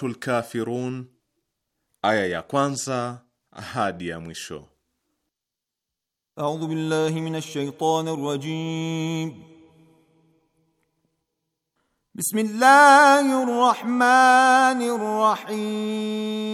Suratul Kafirun aya ya kwanza hadi ya mwisho. A'udhu billahi minash shaitanir rajim. Bismillahir rahmanir rahim.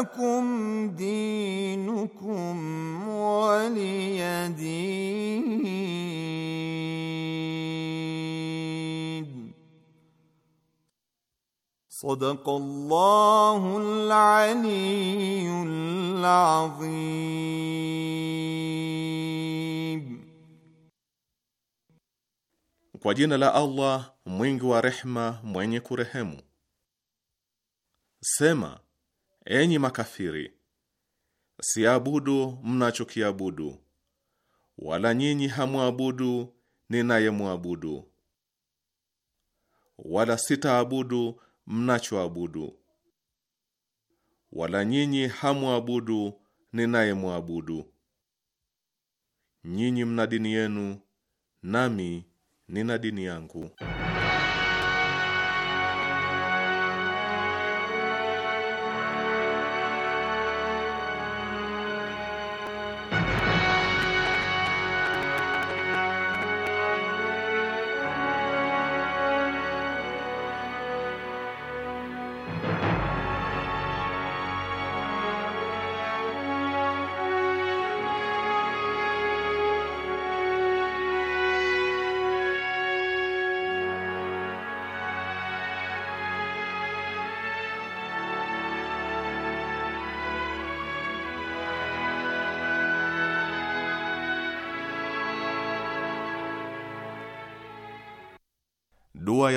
لكم دينكم ولي دين صدق الله العلي العظيم Kwa jina la Allah mwingi wa rehma mwenye kurehemu. Sema Enyi makafiri, siabudu mnachokiabudu, wala nyinyi hamwabudu ninayemwabudu, wala sitaabudu mnachoabudu, wala nyinyi hamwabudu ninayemwabudu. Nyinyi mna dini yenu, nami nina dini yangu.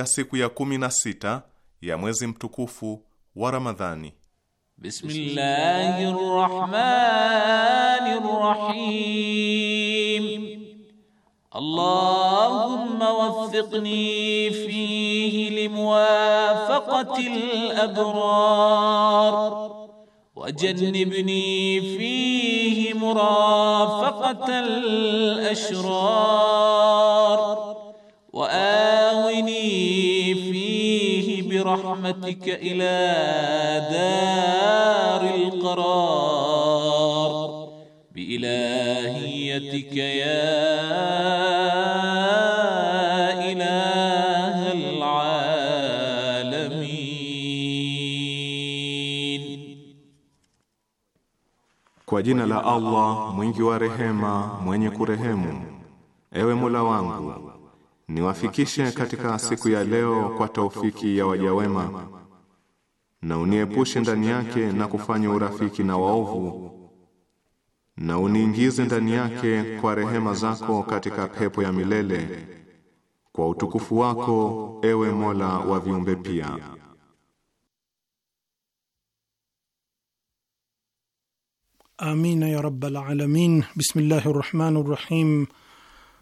ya siku ya kumi na sita ya mwezi mtukufu wa Ramadhani. Bismillahir Rahmanir Rahim. Allahumma waffiqni fihi limuwafaqatil abrar. وجنبني فيه مرافقة ashrar برحمتك إلى دار القرار بإلهيتك يا إله العالمين Kwa jina la Allah mwingi wa rehema mwenye kurehemu, ewe Mola wangu niwafikishe katika siku ya leo kwa taufiki ya waja wema, na uniepushe ndani yake na kufanya urafiki na waovu, na uniingize ndani yake kwa rehema zako katika pepo ya milele kwa utukufu wako, ewe Mola wa viumbe pia. Amina ya rabbal alamin. Bismillahir rahmanir rahim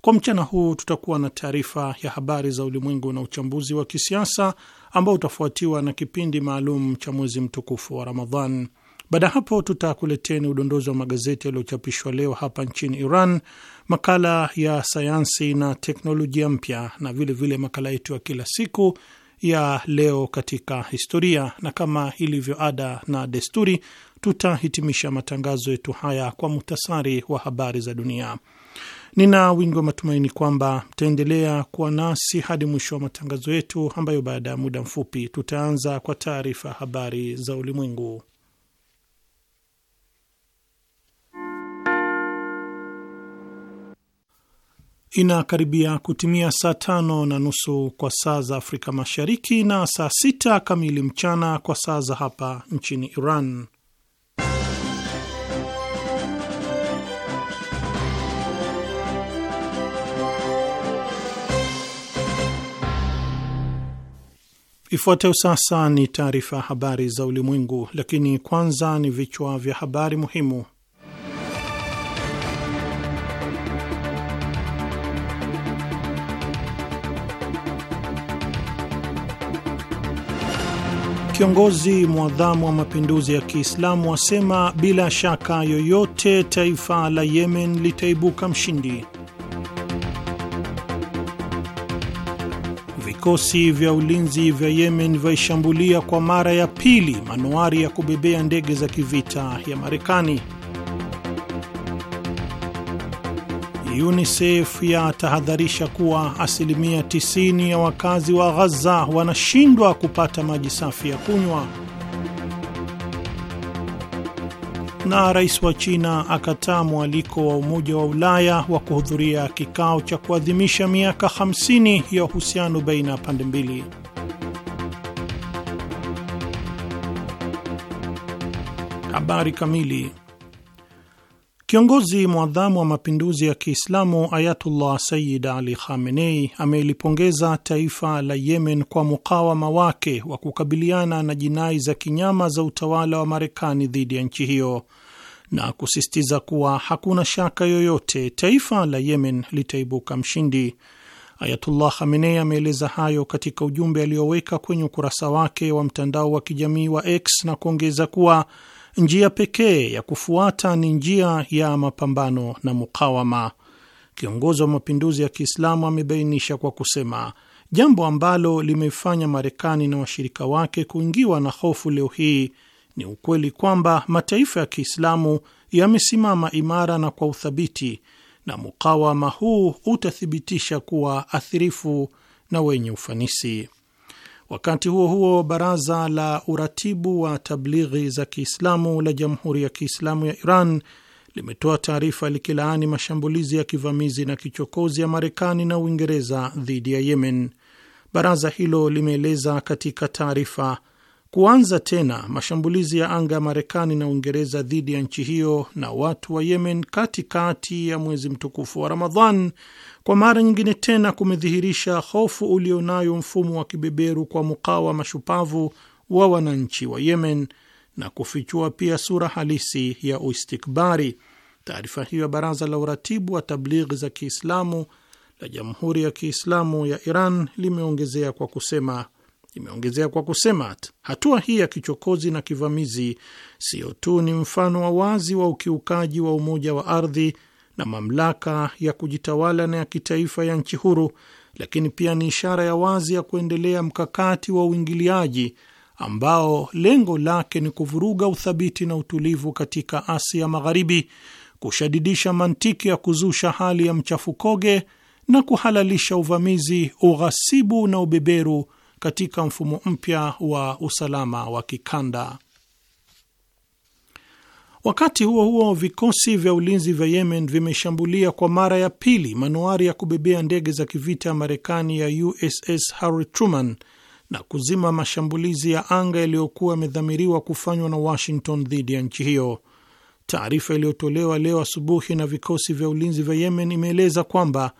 Kwa mchana huu tutakuwa na taarifa ya habari za ulimwengu na uchambuzi wa kisiasa ambao utafuatiwa na kipindi maalum cha mwezi mtukufu wa Ramadhan. Baada ya hapo, tutakuleteni udondozi wa magazeti yaliyochapishwa leo hapa nchini Iran, makala ya sayansi na teknolojia mpya, na vilevile vile makala yetu ya kila siku ya leo katika historia, na kama ilivyo ada na desturi, tutahitimisha matangazo yetu haya kwa muhtasari wa habari za dunia. Nina wingi wa matumaini kwamba mtaendelea kuwa nasi hadi mwisho wa matangazo yetu, ambayo baada ya muda mfupi tutaanza kwa taarifa ya habari za ulimwengu. Inakaribia kutimia saa tano na nusu kwa saa za Afrika Mashariki na saa sita kamili mchana kwa saa za hapa nchini Iran. Ifuatayo sasa ni taarifa ya habari za ulimwengu, lakini kwanza ni vichwa vya habari muhimu. Kiongozi mwadhamu wa mapinduzi ya Kiislamu asema bila shaka yoyote taifa la Yemen litaibuka mshindi. vikosi vya ulinzi vya Yemen vaishambulia kwa mara ya pili manuari ya kubebea ndege za kivita ya Marekani. UNICEF yatahadharisha kuwa asilimia 90 ya wakazi wa Ghaza wanashindwa kupata maji safi ya kunywa. na rais wa China akataa mwaliko wa Umoja wa Ulaya wa kuhudhuria kikao cha kuadhimisha miaka 50 ya uhusiano baina ya pande mbili. Habari kamili. Kiongozi mwadhamu wa mapinduzi ya Kiislamu Ayatullah Sayyid Ali Khamenei amelipongeza taifa la Yemen kwa mukawama wake wa kukabiliana na jinai za kinyama za utawala wa Marekani dhidi ya nchi hiyo na kusisitiza kuwa hakuna shaka yoyote taifa la Yemen litaibuka mshindi. Ayatullah Khamenei ameeleza hayo katika ujumbe aliyoweka kwenye ukurasa wake wa mtandao wa kijamii wa X na kuongeza kuwa njia pekee ya kufuata ni njia ya mapambano na mukawama. Kiongozi wa mapinduzi ya Kiislamu amebainisha kwa kusema, jambo ambalo limefanya Marekani na washirika wake kuingiwa na hofu leo hii ni ukweli kwamba mataifa ya Kiislamu yamesimama imara na kwa uthabiti, na mukawama huu utathibitisha kuwa athirifu na wenye ufanisi. Wakati huo huo, baraza la uratibu wa tablighi za Kiislamu la Jamhuri ya Kiislamu ya Iran limetoa taarifa likilaani mashambulizi ya kivamizi na kichokozi ya Marekani na Uingereza dhidi ya Yemen. Baraza hilo limeeleza katika taarifa kuanza tena mashambulizi ya anga ya Marekani na Uingereza dhidi ya nchi hiyo na watu wa Yemen katikati kati ya mwezi mtukufu wa Ramadhan kwa mara nyingine tena kumedhihirisha hofu ulionayo mfumo wa kibeberu kwa mukawama mashupavu wa wananchi wa Yemen na kufichua pia sura halisi ya uistikbari. Taarifa hiyo ya Baraza la Uratibu wa Tablighi za Kiislamu la Jamhuri ya Kiislamu ya Iran limeongezea kwa kusema imeongezea kwa kusema hatua hii ya kichokozi na kivamizi sio tu ni mfano wa wazi wa ukiukaji wa umoja wa ardhi na mamlaka ya kujitawala na ya kitaifa ya nchi huru, lakini pia ni ishara ya wazi ya kuendelea mkakati wa uingiliaji ambao lengo lake ni kuvuruga uthabiti na utulivu katika Asia Magharibi, kushadidisha mantiki ya kuzusha hali ya mchafukoge na kuhalalisha uvamizi, ughasibu na ubeberu katika mfumo mpya wa usalama wa kikanda. Wakati huo huo, vikosi vya ulinzi vya Yemen vimeshambulia kwa mara ya pili manuari ya kubebea ndege za kivita ya Marekani ya USS Harry Truman na kuzima mashambulizi ya anga yaliyokuwa yamedhamiriwa kufanywa na Washington dhidi ya nchi hiyo. Taarifa iliyotolewa leo asubuhi na vikosi vya ulinzi vya Yemen imeeleza kwamba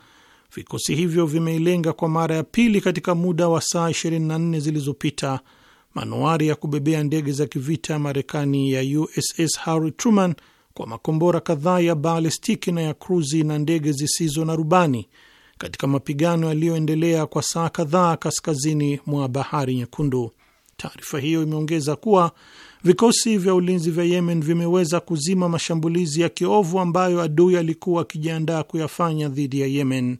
vikosi hivyo vimeilenga kwa mara ya pili katika muda wa saa 24 zilizopita manuari ya kubebea ndege za kivita Marekani ya USS Harry Truman kwa makombora kadhaa ya balistiki na ya kruzi na ndege zisizo na rubani katika mapigano yaliyoendelea kwa saa kadhaa kaskazini mwa Bahari Nyekundu. Taarifa hiyo imeongeza kuwa vikosi vya ulinzi vya Yemen vimeweza kuzima mashambulizi ya kiovu ambayo adui alikuwa akijiandaa kuyafanya dhidi ya Yemen,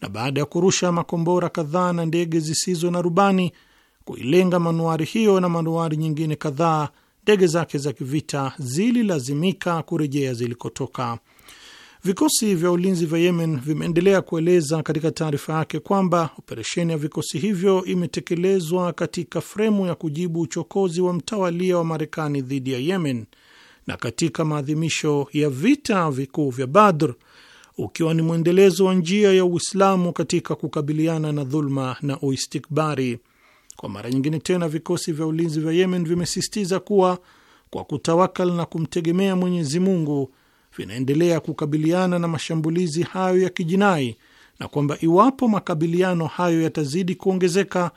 na baada ya kurusha makombora kadhaa na ndege zisizo na rubani kuilenga manuari hiyo na manuari nyingine kadhaa, ndege zake za kivita zililazimika kurejea zilikotoka. Vikosi vya ulinzi vya Yemen vimeendelea kueleza katika taarifa yake kwamba operesheni ya vikosi hivyo imetekelezwa katika fremu ya kujibu uchokozi wa mtawalia wa Marekani dhidi ya Yemen na katika maadhimisho ya vita vikuu vya Badr, ukiwa ni mwendelezo wa njia ya Uislamu katika kukabiliana na dhuluma na uistikbari. Kwa mara nyingine tena, vikosi vya ulinzi vya Yemen vimesisitiza kuwa kwa kutawakal na kumtegemea Mwenyezi Mungu vinaendelea kukabiliana na mashambulizi hayo ya kijinai na kwamba iwapo makabiliano hayo yatazidi kuongezeka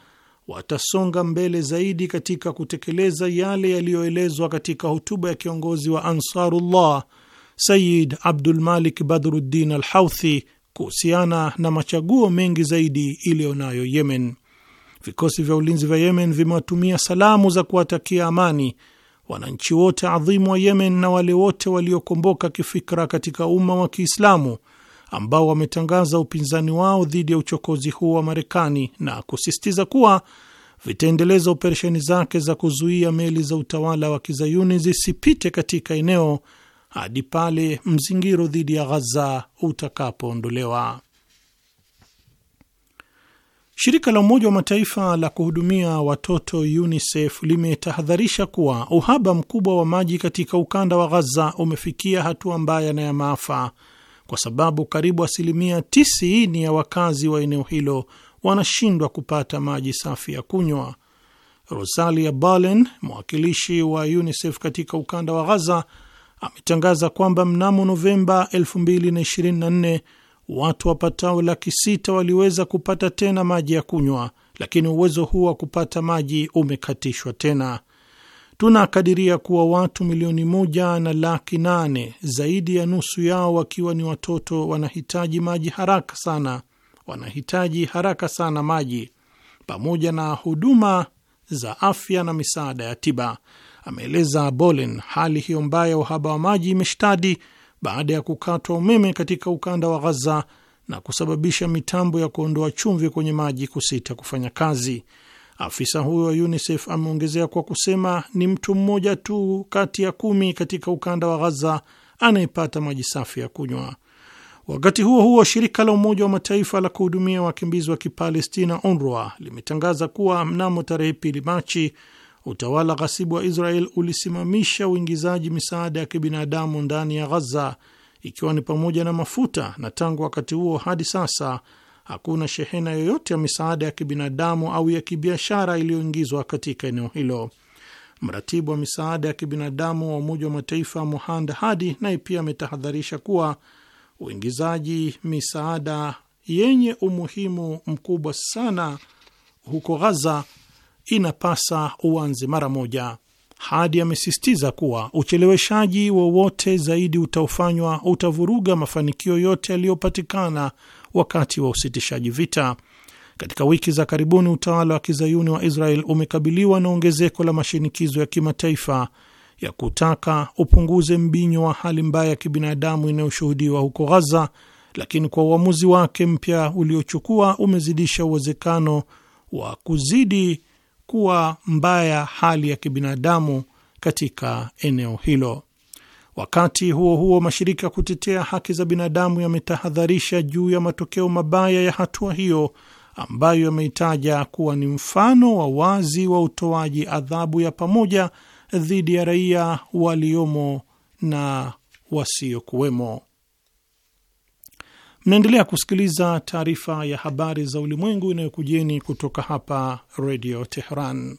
watasonga mbele zaidi katika kutekeleza yale yaliyoelezwa katika hotuba ya kiongozi wa Ansarullah Sayid Abdul Malik Badruddin al hauthi kuhusiana na machaguo mengi zaidi iliyo nayo Yemen. Vikosi vya ulinzi vya Yemen vimewatumia salamu za kuwatakia amani wananchi wote adhimu wa Yemen na wale wote waliokomboka kifikra katika umma wa Kiislamu ambao wametangaza upinzani wao dhidi ya uchokozi huu wa Marekani na kusisitiza kuwa vitaendeleza operesheni zake za kuzuia meli za utawala wa kizayuni zisipite katika eneo hadi pale mzingiro dhidi ya Ghaza utakapoondolewa. Shirika la Umoja wa Mataifa la kuhudumia watoto UNICEF limetahadharisha kuwa uhaba mkubwa wa maji katika ukanda wa Ghaza umefikia hatua mbaya na ya maafa, kwa sababu karibu asilimia tisini ya wakazi wa eneo hilo wanashindwa kupata maji safi ya kunywa. Rosalia Balen, mwakilishi wa UNICEF katika ukanda wa Ghaza, ametangaza kwamba mnamo Novemba 2024 watu wapatao laki sita waliweza kupata tena maji ya kunywa, lakini uwezo huu wa kupata maji umekatishwa tena. Tunakadiria kuwa watu milioni moja na laki nane, zaidi ya nusu yao wakiwa ni watoto, wanahitaji maji haraka sana, wanahitaji haraka sana maji pamoja na huduma za afya na misaada ya tiba, ameeleza Bolin. Hali hiyo mbaya ya uhaba wa maji imeshtadi baada ya kukatwa umeme katika ukanda wa Ghaza na kusababisha mitambo ya kuondoa chumvi kwenye maji kusita kufanya kazi. Afisa huyo wa UNICEF ameongezea kwa kusema ni mtu mmoja tu kati ya kumi katika ukanda wa Ghaza anayepata maji safi ya kunywa. Wakati huo huo, shirika la Umoja wa Mataifa la kuhudumia wakimbizi wa Kipalestina, UNRWA, limetangaza kuwa mnamo tarehe pili Machi Utawala ghasibu wa Israel ulisimamisha uingizaji misaada ya kibinadamu ndani ya Ghaza, ikiwa ni pamoja na mafuta, na tangu wakati huo hadi sasa hakuna shehena yoyote ya misaada ya kibinadamu au ya kibiashara iliyoingizwa katika eneo hilo. Mratibu wa misaada ya kibinadamu wa Umoja wa Mataifa Muhand Hadi naye pia ametahadharisha kuwa uingizaji misaada yenye umuhimu mkubwa sana huko Ghaza inapasa uanze mara moja. Hadi amesisitiza kuwa ucheleweshaji wowote zaidi utaofanywa utavuruga mafanikio yote yaliyopatikana wakati wa usitishaji vita. Katika wiki za karibuni, utawala wa kizayuni wa Israel umekabiliwa na ongezeko la mashinikizo ya kimataifa ya kutaka upunguze mbinyo wa hali mbaya ya kibinadamu inayoshuhudiwa huko Ghaza, lakini kwa uamuzi wake mpya uliochukua umezidisha uwezekano wa kuzidi kuwa mbaya hali ya kibinadamu katika eneo hilo. Wakati huo huo, mashirika ya kutetea haki za binadamu yametahadharisha juu ya matokeo mabaya ya hatua hiyo ambayo yameitaja kuwa ni mfano wa wazi wa utoaji adhabu ya pamoja dhidi ya raia waliomo na wasiokuwemo. Mnaendelea kusikiliza taarifa ya habari za ulimwengu inayokujeni kutoka hapa Redio Teheran.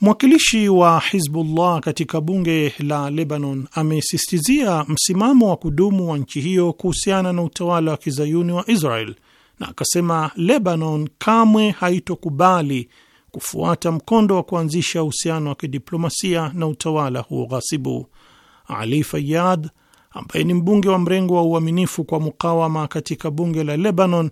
Mwakilishi wa Hizbullah katika bunge la Lebanon amesistizia msimamo wa kudumu wa nchi hiyo kuhusiana na utawala wa kizayuni wa Israel na akasema Lebanon kamwe haitokubali kufuata mkondo wa kuanzisha uhusiano wa kidiplomasia na utawala huo ghasibu. Ali Fayad ambaye ni mbunge wa mrengo wa uaminifu kwa mukawama katika bunge la Lebanon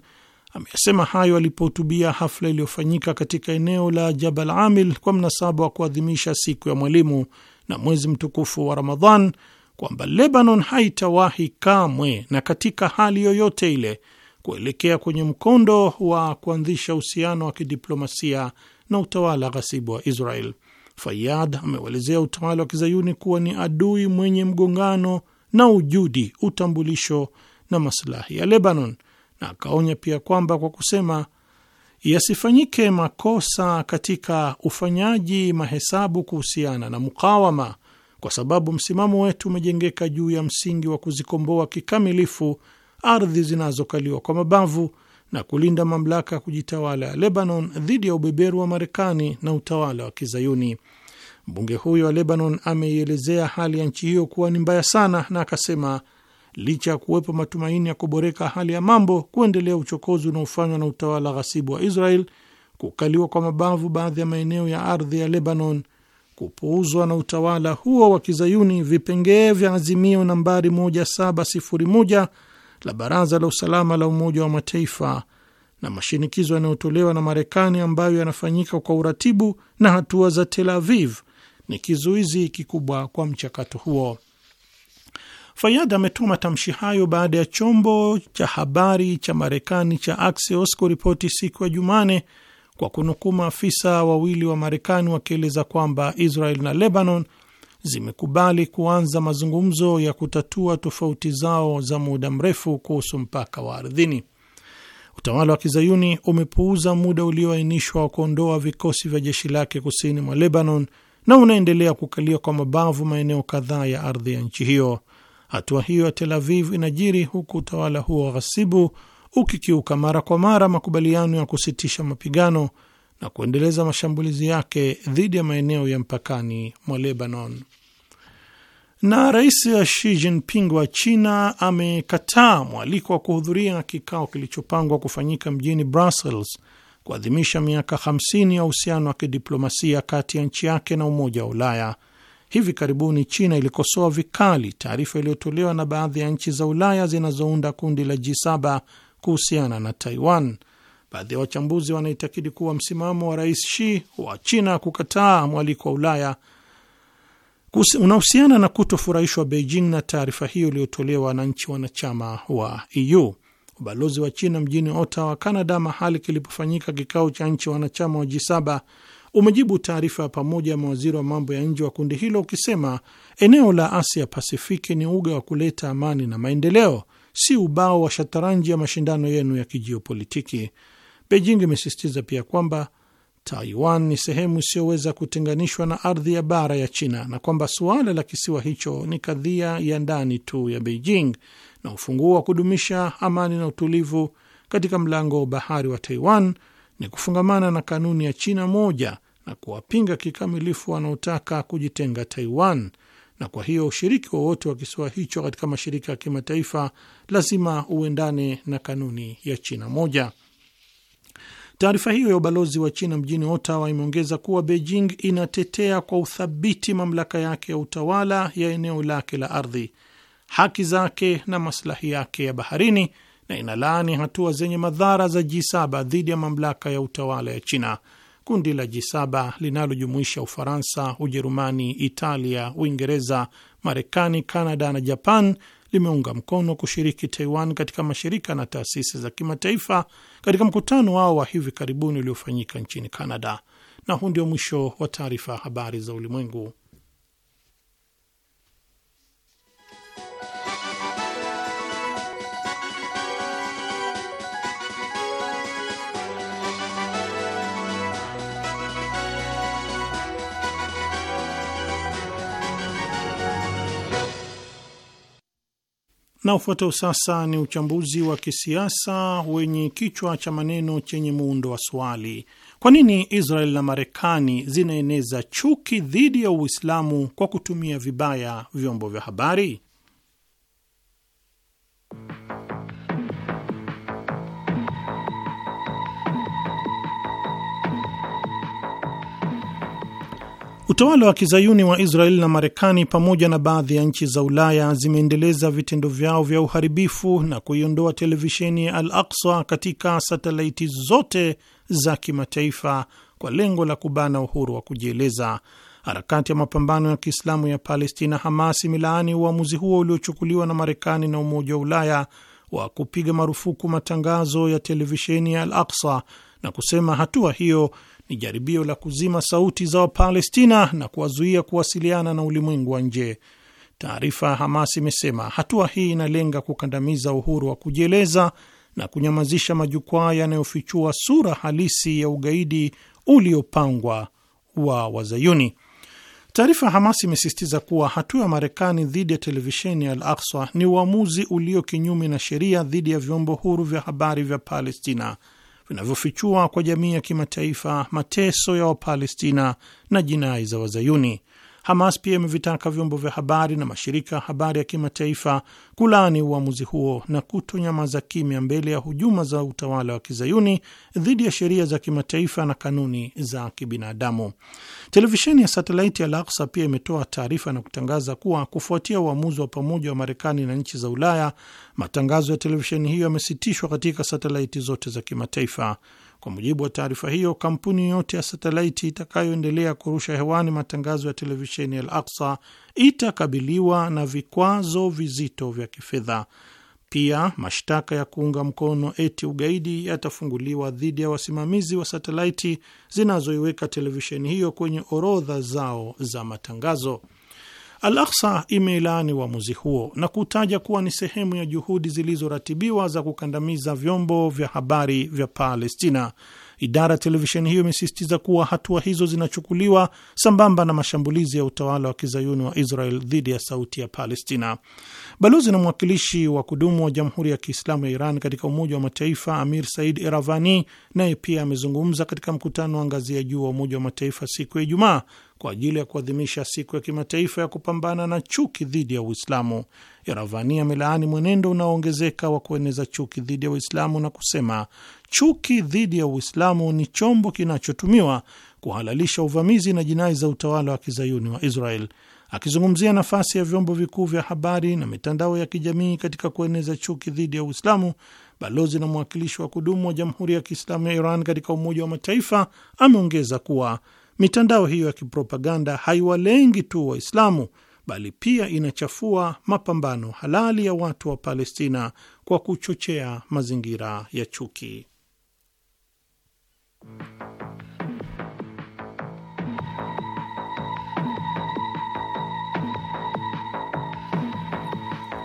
ameyasema hayo alipohutubia hafla iliyofanyika katika eneo la Jabal Amil kwa mnasaba wa kuadhimisha siku ya mwalimu na mwezi mtukufu wa Ramadhan kwamba Lebanon haitawahi kamwe na katika hali yoyote ile kuelekea kwenye mkondo wa kuanzisha uhusiano wa kidiplomasia na utawala ghasibu wa Israel. fayad amewaelezea utawala wa kizayuni kuwa ni adui mwenye mgongano na ujudi, utambulisho na maslahi ya Lebanon, na akaonya pia kwamba kwa kusema yasifanyike makosa katika ufanyaji mahesabu kuhusiana na mukawama, kwa sababu msimamo wetu umejengeka juu ya msingi wa kuzikomboa kikamilifu ardhi zinazokaliwa kwa mabavu na kulinda mamlaka ya kujitawala ya Lebanon dhidi ya ubeberu wa Marekani na utawala wa Kizayuni. Mbunge huyo wa Lebanon ameielezea hali ya nchi hiyo kuwa ni mbaya sana, na akasema licha ya kuwepo matumaini ya kuboreka hali ya mambo, kuendelea uchokozi unaofanywa na utawala ghasibu wa Israel, kukaliwa kwa mabavu baadhi ya maeneo ya ardhi ya Lebanon, kupuuzwa na utawala huo wa kizayuni vipengee vya azimio nambari 1701 la Baraza la Usalama la Umoja wa Mataifa na mashinikizo yanayotolewa na Marekani ambayo yanafanyika kwa uratibu na hatua za Tel Aviv ni kizuizi kikubwa kwa mchakato huo. Fayad ametoa matamshi hayo baada ya chombo cha habari cha Marekani cha Axios kuripoti siku ya Jumane kwa kunukuu maafisa wawili wa Marekani wakieleza kwamba Israel na Lebanon zimekubali kuanza mazungumzo ya kutatua tofauti zao za muda mrefu kuhusu mpaka wa ardhini. Utawala wa kizayuni umepuuza muda ulioainishwa wa kuondoa vikosi vya jeshi lake kusini mwa Lebanon na unaendelea kukalia kwa mabavu maeneo kadhaa ya ardhi ya nchi hiyo. Hatua hiyo ya Tel Aviv inajiri huku utawala huo wa ghasibu ukikiuka mara kwa mara makubaliano ya kusitisha mapigano na kuendeleza mashambulizi yake dhidi ya maeneo ya mpakani mwa Lebanon. Na Rais Xi Jinping wa China amekataa mwaliko wa kuhudhuria kikao kilichopangwa kufanyika mjini Brussels kuadhimisha miaka 50 ya uhusiano wa kidiplomasia kati ya nchi yake na Umoja wa Ulaya. Hivi karibuni China ilikosoa vikali taarifa iliyotolewa na baadhi ya nchi za Ulaya zinazounda kundi la G7 kuhusiana na Taiwan. Baadhi ya wachambuzi wanaitakidi kuwa msimamo wa Rais Xi wa China kukataa mwaliko wa Ulaya unahusiana na kutofurahishwa Beijing na taarifa hiyo iliyotolewa na nchi wanachama wa EU. Ubalozi wa China mjini Ottawa, Canada, mahali kilipofanyika kikao cha nchi wanachama wa G7 umejibu taarifa ya pamoja ya mawaziri wa mambo ya nje wa kundi hilo ukisema eneo la Asia Pasifiki ni uga wa kuleta amani na maendeleo, si ubao wa shataranji ya mashindano yenu ya kijiopolitiki. Beijing imesisitiza pia kwamba Taiwan ni sehemu isiyoweza kutenganishwa na ardhi ya bara ya China na kwamba suala la kisiwa hicho ni kadhia ya ndani tu ya Beijing na ufunguo wa kudumisha amani na utulivu katika mlango wa bahari wa Taiwan ni kufungamana na kanuni ya China moja na kuwapinga kikamilifu wanaotaka kujitenga Taiwan, na kwa hiyo ushiriki wowote wa, kisiwa hicho katika mashirika ya kimataifa lazima uendane na kanuni ya China moja. Taarifa hiyo ya ubalozi wa China mjini Ottawa imeongeza kuwa Beijing inatetea kwa uthabiti mamlaka yake ya utawala ya eneo lake la ardhi haki zake na maslahi yake ya baharini na inalaani hatua zenye madhara za G7 dhidi ya mamlaka ya utawala ya China. Kundi la G7 linalojumuisha Ufaransa, Ujerumani, Italia, Uingereza, Marekani, Kanada na Japan limeunga mkono kushiriki Taiwan katika mashirika na taasisi za kimataifa katika mkutano wao wa hivi karibuni uliofanyika nchini Kanada. Na huu ndio mwisho wa taarifa habari za ulimwengu. Na ufuatao sasa ni uchambuzi wa kisiasa wenye kichwa cha maneno chenye muundo wa swali: kwa nini Israel na Marekani zinaeneza chuki dhidi ya Uislamu kwa kutumia vibaya vyombo vya habari? Utawala wa kizayuni wa Israeli na Marekani pamoja na baadhi ya nchi za Ulaya zimeendeleza vitendo vyao vya uharibifu na kuiondoa televisheni ya Al Aksa katika satelaiti zote za kimataifa kwa lengo la kubana uhuru wa kujieleza. Harakati ya mapambano ya Kiislamu ya Palestina, Hamas, imelaani uamuzi huo uliochukuliwa na Marekani na Umoja wa Ulaya wa kupiga marufuku matangazo ya televisheni ya Al Aksa na kusema hatua hiyo ni jaribio la kuzima sauti za Wapalestina na kuwazuia kuwasiliana na ulimwengu wa nje. Taarifa ya Hamas imesema hatua hii inalenga kukandamiza uhuru wa kujieleza na kunyamazisha majukwaa yanayofichua sura halisi ya ugaidi uliopangwa wa Wazayuni. Taarifa ya Hamas imesisitiza kuwa hatua ya Marekani dhidi ya televisheni ya Al Aksa ni uamuzi ulio kinyume na sheria dhidi ya vyombo huru vya habari vya Palestina vinavyofichua kwa jamii ya kimataifa mateso ya Wapalestina na jinai za Wazayuni Hamas pia imevitaka vyombo vya habari na mashirika ya habari ya kimataifa kulaani uamuzi huo na kutonyamaza kimya mbele ya hujuma za utawala wa kizayuni dhidi ya sheria za kimataifa na kanuni za kibinadamu. Televisheni ya satelaiti ya Al-Aqsa pia imetoa taarifa na kutangaza kuwa kufuatia uamuzi wa pamoja wa Marekani na nchi za Ulaya, matangazo ya televisheni hiyo yamesitishwa katika satelaiti zote za kimataifa kwa mujibu wa taarifa hiyo, kampuni yote ya satelaiti itakayoendelea kurusha hewani matangazo ya televisheni Al Aksa itakabiliwa na vikwazo vizito vya kifedha. Pia mashtaka ya kuunga mkono eti ugaidi yatafunguliwa dhidi ya wasimamizi wa satelaiti zinazoiweka televisheni hiyo kwenye orodha zao za matangazo. Al-Aqsa imelaani uamuzi huo na kutaja kuwa ni sehemu ya juhudi zilizoratibiwa za kukandamiza vyombo vya habari vya Palestina. Idara ya televisheni hiyo imesisitiza kuwa hatua hizo zinachukuliwa sambamba na mashambulizi ya utawala wa kizayuni wa Israel dhidi ya sauti ya Palestina. Balozi na mwakilishi wa kudumu wa Jamhuri ya Kiislamu ya Iran katika Umoja wa Mataifa Amir Said Iravani naye pia amezungumza katika mkutano wa ngazi ya juu wa Umoja wa Mataifa siku ya Ijumaa kwa ajili ya kuadhimisha siku ya kimataifa ya kupambana na chuki dhidi ya Uislamu, Iravani amelaani mwenendo unaoongezeka wa kueneza chuki dhidi ya Uislamu na kusema chuki dhidi ya Uislamu ni chombo kinachotumiwa kuhalalisha uvamizi na jinai za utawala wa kizayuni wa Israel. Akizungumzia nafasi ya vyombo vikuu vya habari na mitandao ya kijamii katika kueneza chuki dhidi ya Uislamu, balozi na mwakilishi wa kudumu wa Jamhuri ya Kiislamu ya Iran katika Umoja wa Mataifa ameongeza kuwa Mitandao hiyo ya kipropaganda haiwalengi tu Waislamu bali pia inachafua mapambano halali ya watu wa Palestina kwa kuchochea mazingira ya chuki.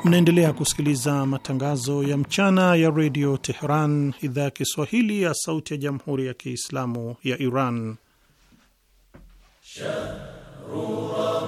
Mnaendelea kusikiliza matangazo ya mchana ya redio Teheran, idhaa ya Kiswahili ya sauti ya jamhuri ya kiislamu ya Iran. شهر رمضان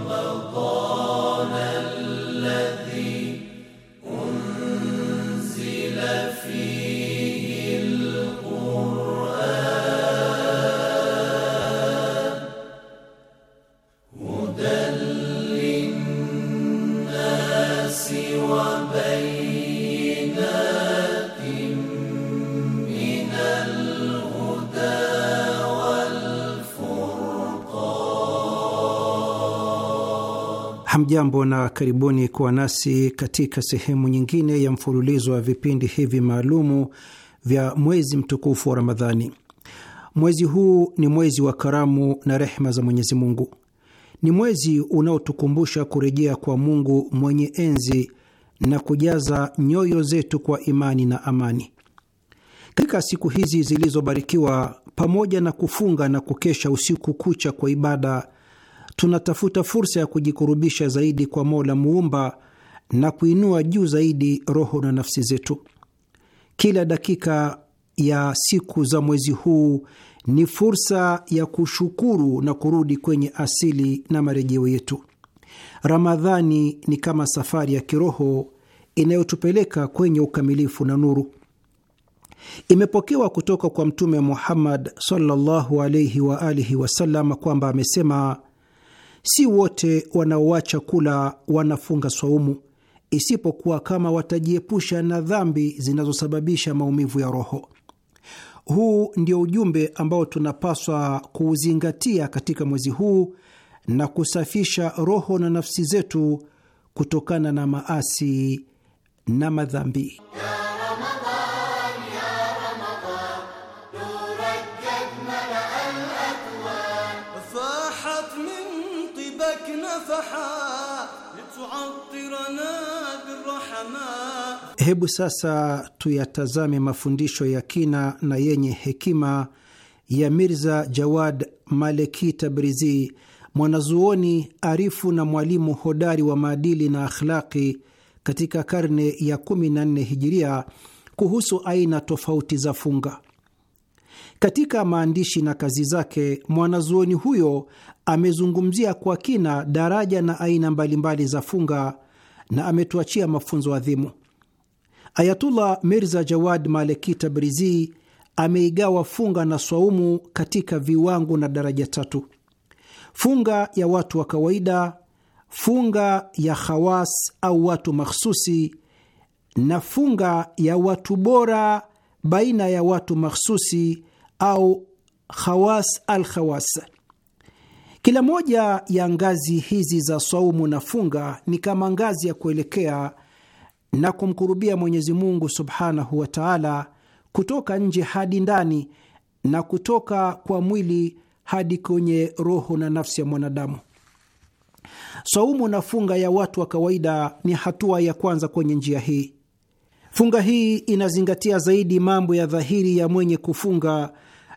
Hamjambo na karibuni kuwa nasi katika sehemu nyingine ya mfululizo wa vipindi hivi maalumu vya mwezi mtukufu wa Ramadhani. Mwezi huu ni mwezi wa karamu na rehma za Mwenyezi Mungu. Ni mwezi unaotukumbusha kurejea kwa Mungu mwenye enzi na kujaza nyoyo zetu kwa imani na amani. Katika siku hizi zilizobarikiwa, pamoja na kufunga na kukesha usiku kucha kwa ibada tunatafuta fursa ya kujikurubisha zaidi kwa Mola Muumba na kuinua juu zaidi roho na nafsi zetu. Kila dakika ya siku za mwezi huu ni fursa ya kushukuru na kurudi kwenye asili na marejeo yetu. Ramadhani ni kama safari ya kiroho inayotupeleka kwenye ukamilifu na nuru. Imepokewa kutoka kwa Mtume Muhammad sallallahu alaihi wa alihi wasallam kwamba amesema Si wote wanaoacha kula wanafunga swaumu, isipokuwa kama watajiepusha na dhambi zinazosababisha maumivu ya roho. Huu ndio ujumbe ambao tunapaswa kuuzingatia katika mwezi huu na kusafisha roho na nafsi zetu kutokana na maasi na madhambi. Hebu sasa tuyatazame mafundisho ya kina na yenye hekima ya Mirza Jawad Maleki Tabrizi, mwanazuoni arifu na mwalimu hodari wa maadili na akhlaki katika karne ya 14 Hijiria, kuhusu aina tofauti za funga. Katika maandishi na kazi zake, mwanazuoni huyo amezungumzia kwa kina daraja na aina mbalimbali za funga na ametuachia mafunzo adhimu. Ayatullah Mirza Jawad Maleki Tabrizi ameigawa funga na swaumu katika viwango na daraja tatu: funga ya watu wa kawaida, funga ya khawas au watu makhsusi na funga ya watu bora baina ya watu makhsusi au khawas al khawas. Kila moja ya ngazi hizi za swaumu na funga ni kama ngazi ya kuelekea na kumkurubia Mwenyezi Mungu subhanahu wa taala kutoka nje hadi ndani na kutoka kwa mwili hadi kwenye roho na nafsi ya mwanadamu. Saumu na funga ya watu wa kawaida ni hatua ya kwanza kwenye njia hii. Funga hii inazingatia zaidi mambo ya dhahiri ya mwenye kufunga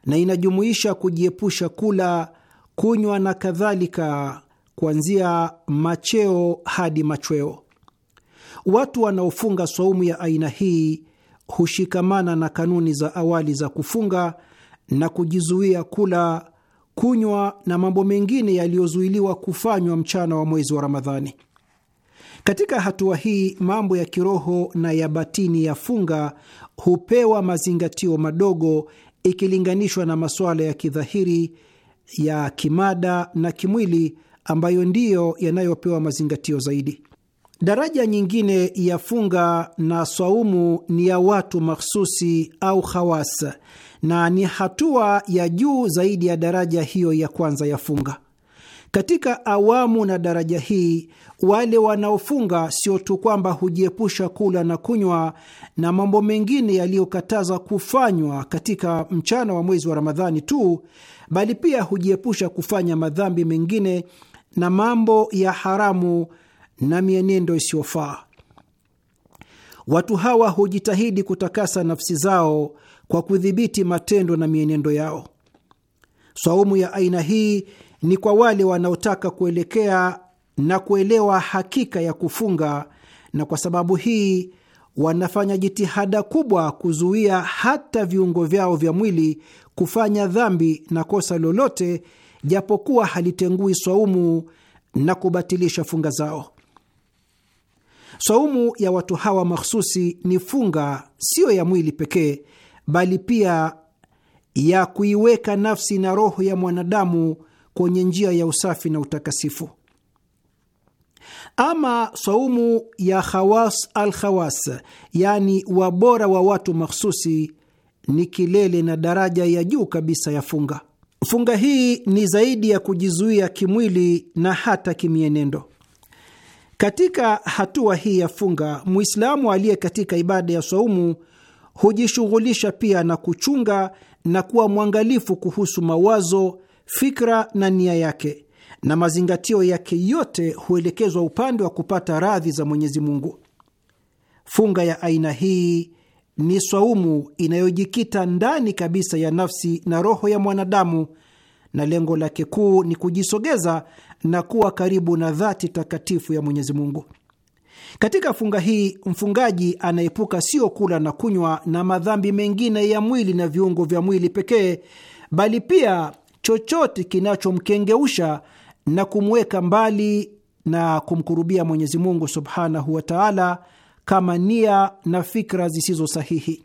na inajumuisha kujiepusha kula, kunywa na kadhalika, kuanzia macheo hadi machweo. Watu wanaofunga saumu ya aina hii hushikamana na kanuni za awali za kufunga na kujizuia kula, kunywa na mambo mengine yaliyozuiliwa kufanywa mchana wa mwezi wa Ramadhani. Katika hatua hii, mambo ya kiroho na ya batini ya funga hupewa mazingatio madogo ikilinganishwa na masuala ya kidhahiri ya kimada na kimwili ambayo ndiyo yanayopewa mazingatio zaidi. Daraja nyingine ya funga na swaumu ni ya watu makhususi au khawas, na ni hatua ya juu zaidi ya daraja hiyo ya kwanza ya funga. Katika awamu na daraja hii, wale wanaofunga sio tu kwamba hujiepusha kula na kunywa na mambo mengine yaliyokataza kufanywa katika mchana wa mwezi wa Ramadhani tu, bali pia hujiepusha kufanya madhambi mengine na mambo ya haramu na mienendo isiyofaa. Watu hawa hujitahidi kutakasa nafsi zao kwa kudhibiti matendo na mienendo yao. Saumu ya aina hii ni kwa wale wanaotaka kuelekea na kuelewa hakika ya kufunga, na kwa sababu hii wanafanya jitihada kubwa kuzuia hata viungo vyao vya mwili kufanya dhambi na kosa lolote, japokuwa halitengui swaumu na kubatilisha funga zao. Saumu ya watu hawa mahsusi ni funga, siyo ya mwili pekee, bali pia ya kuiweka nafsi na roho ya mwanadamu kwenye njia ya usafi na utakasifu. Ama saumu ya khawas al khawas, yani wabora wa watu mahsusi, ni kilele na daraja ya juu kabisa ya funga. Funga hii ni zaidi ya kujizuia kimwili na hata kimienendo. Katika hatua hii ya funga, Mwislamu aliye katika ibada ya saumu hujishughulisha pia na kuchunga na kuwa mwangalifu kuhusu mawazo, fikra na nia yake, na mazingatio yake yote huelekezwa upande wa kupata radhi za Mwenyezi Mungu. Funga ya aina hii ni swaumu inayojikita ndani kabisa ya nafsi na roho ya mwanadamu, na lengo lake kuu ni kujisogeza na kuwa karibu na dhati takatifu ya Mwenyezi Mungu. Katika funga hii mfungaji anaepuka sio kula na kunywa na madhambi mengine ya mwili na viungo vya mwili pekee, bali pia chochote kinachomkengeusha na kumweka mbali na kumkurubia Mwenyezi Mungu subhanahu wa taala, kama nia na fikra zisizo sahihi.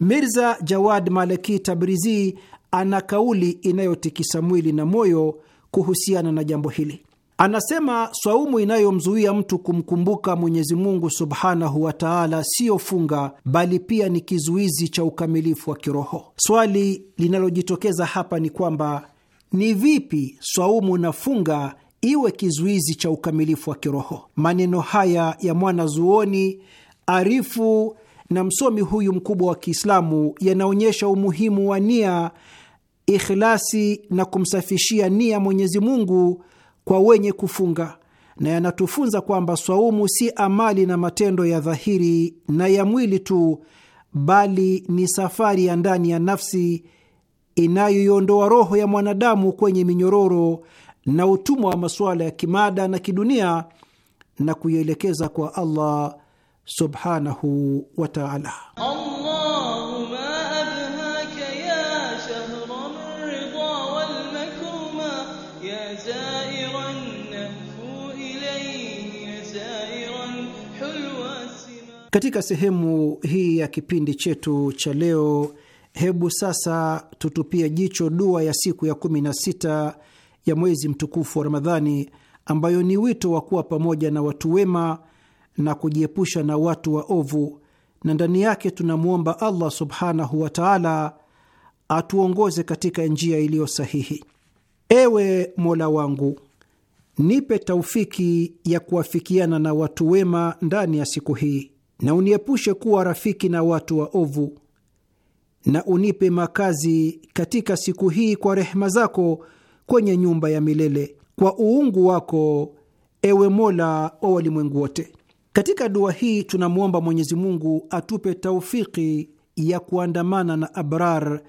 Mirza Jawad Maleki Tabrizi ana kauli inayotikisa mwili na moyo kuhusiana na jambo hili. Anasema swaumu inayomzuia mtu kumkumbuka Mwenyezi Mungu subhanahu wa taala siyo funga, bali pia ni kizuizi cha ukamilifu wa kiroho. Swali linalojitokeza hapa ni kwamba ni vipi swaumu na funga iwe kizuizi cha ukamilifu wa kiroho? Maneno haya ya mwanazuoni arifu na msomi huyu mkubwa wa Kiislamu yanaonyesha umuhimu wa nia ikhlasi na kumsafishia nia Mwenyezi Mungu kwa wenye kufunga, na yanatufunza kwamba swaumu si amali na matendo ya dhahiri na ya mwili tu, bali ni safari ya ndani ya nafsi inayoiondoa roho ya mwanadamu kwenye minyororo na utumwa wa masuala ya kimada na kidunia na kuielekeza kwa Allah subhanahu wa taala. Katika sehemu hii ya kipindi chetu cha leo, hebu sasa tutupie jicho dua ya siku ya kumi na sita ya mwezi mtukufu wa Ramadhani, ambayo ni wito wa kuwa pamoja na watu wema na kujiepusha na watu waovu, na ndani yake tunamwomba Allah subhanahu wa taala atuongoze katika njia iliyo sahihi. Ewe Mola wangu, nipe taufiki ya kuwafikiana na watu wema ndani ya siku hii na uniepushe kuwa rafiki na watu waovu, na unipe makazi katika siku hii kwa rehema zako kwenye nyumba ya milele kwa uungu wako, ewe Mola wa walimwengu wote. Katika dua hii tunamwomba Mwenyezi Mungu atupe taufiki ya kuandamana na abrar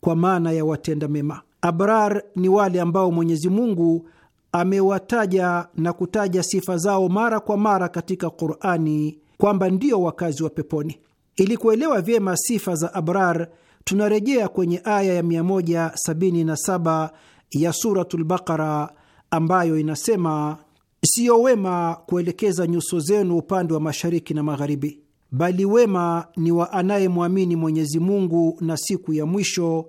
kwa maana ya watenda mema. Abrar ni wale ambao Mwenyezi Mungu amewataja na kutaja sifa zao mara kwa mara katika Qurani kwamba ndio wakazi wa peponi. Ili kuelewa vyema sifa za abrar, tunarejea kwenye aya ya 177 ya Suratul Baqara ambayo inasema, siyo wema kuelekeza nyuso zenu upande wa mashariki na magharibi, bali wema ni wa anayemwamini Mwenyezi Mungu na siku ya mwisho